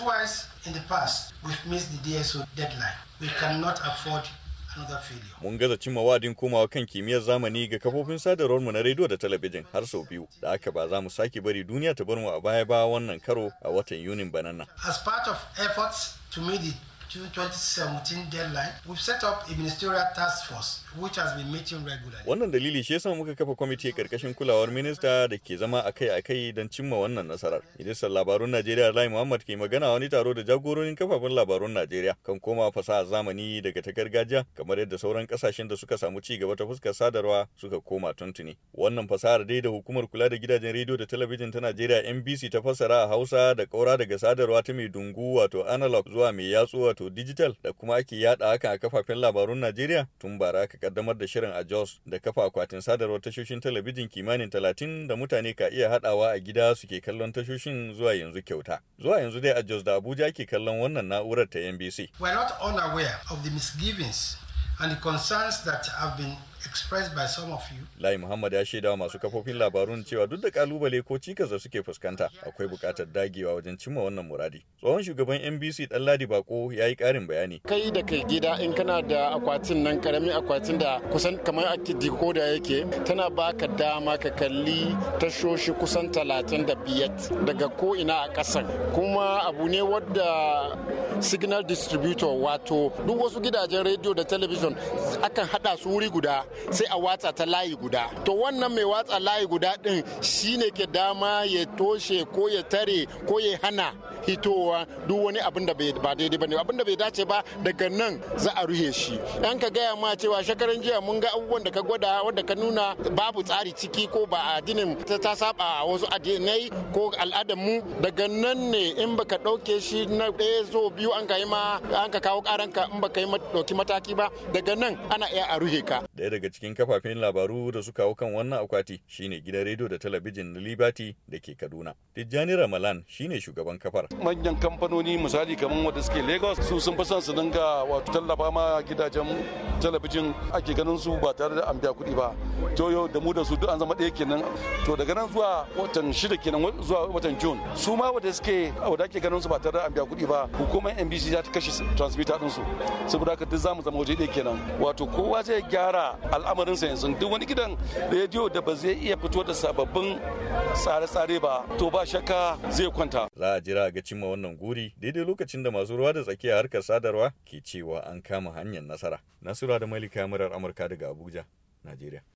Twice in the past, we've missed the DSO deadline. We cannot afford Mun gaza cimma wadin komawa kan kimiyyar zamani ga kafofin sadarwarmu na rediyo da talabijin har sau biyu da aka ba za mu sake bari duniya ta bar mu a baya ba wannan karo a watan Yunin banana. As part of efforts to meet the 2017 deadline, we've set up a ministerial task force which has been meeting regularly. Wannan dalili shi yasa muka kafa kwamiti karkashin kulawar minista da ke zama akai-akai don cimma wannan nasarar. Ministan labarun Najeriya Lai Muhammad ke magana wani taro da jagororin kafafen labarun Najeriya kan koma fasahar zamani daga ta gargajiya kamar yadda sauran kasashen da suka samu ci gaba ta fuskar sadarwa suka koma tuntuni. Wannan fasahar dai da hukumar kula da gidajen rediyo da talabijin ta Najeriya NBC ta fassara a Hausa da kaura daga sadarwa ta mai dungu wato analog zuwa mai yatsu wato digital da kuma ake yada haka a kafafen labarun Najeriya tun bara ka kaddamar da shirin a Jos da kafa akwatin sadarwar tashoshin talabijin kimanin talatin da mutane ka iya hadawa a gida suke kallon tashoshin zuwa yanzu kyauta. Zuwa yanzu dai a Jos da Abuja ke kallon wannan na'urar ta NBC. We are not unaware of the misgivings and the concerns that have been Lai Muhammad ya shaidawa masu kafofin labarun cewa duk da kalubale ko cikas da suke fuskanta akwai bukatar dagewa wajen cimma wannan muradi. Tsohon shugaban NBC Ladi Bako ya yi karin bayani. Kai da kai gida in kana da akwatin nan karamin akwatin da kusan kamar ake diko da yake tana baka dama ka kalli tashoshi kusan talatin da biyar daga ko ina a ƙasar. Kuma abu ne wadda signal distributor wato duk wasu gidajen rediyo da talabijin akan haɗa su wuri guda sai a watsa ta layi guda to wannan mai watsa layi guda din shine ke dama ya toshe ko ya tare ko ya hana hitowa duk wani abin da ba daidai ba ne abin da bai dace ba daga nan za a ruhe shi yan ka gaya ma cewa shekaran jiya mun ga abubuwan da ka gwada wanda ka nuna babu tsari ciki ko ba addinin ta saba a wasu addinai ko al'adar mu daga nan ne in baka dauke shi na ɗaya zo biyu an ka yi ma an ka kawo karanka in baka yi ɗauki mataki ba daga nan ana iya a ruhe ka Daya daga cikin kafafen labaru da suka hau kan wannan akwati shine gidan rediyo da talabijin na Liberty da ke Kaduna. Tijjani Ramalan shine shugaban kafar. Manyan kamfanoni misali kamar wanda suke Lagos su sun fi son su dinga wato tallafa ma gidajen talabijin ake ganin su ba tare da an biya kuɗi ba. to yau da mu da su duk an zama ɗaya kenan to daga nan zuwa watan shida kenan zuwa watan june su ma wanda suke wanda ake ganin su ba tare da an biya kuɗi ba hukumar nbc za ta kashe transmitter din su saboda haka duk zamu zama waje ɗaya kenan wato kowa zai gyara sa yanzu duk wani gidan rediyo da ba zai iya fito da sababbin tsare-tsare ba to ba shakka zai kwanta za a jira ga cimma wannan guri daidai lokacin da masu ruwa da tsakiya harkar sadarwa ke cewa an kama hanyar nasara nasura da malika murar amurka daga abuja najeriya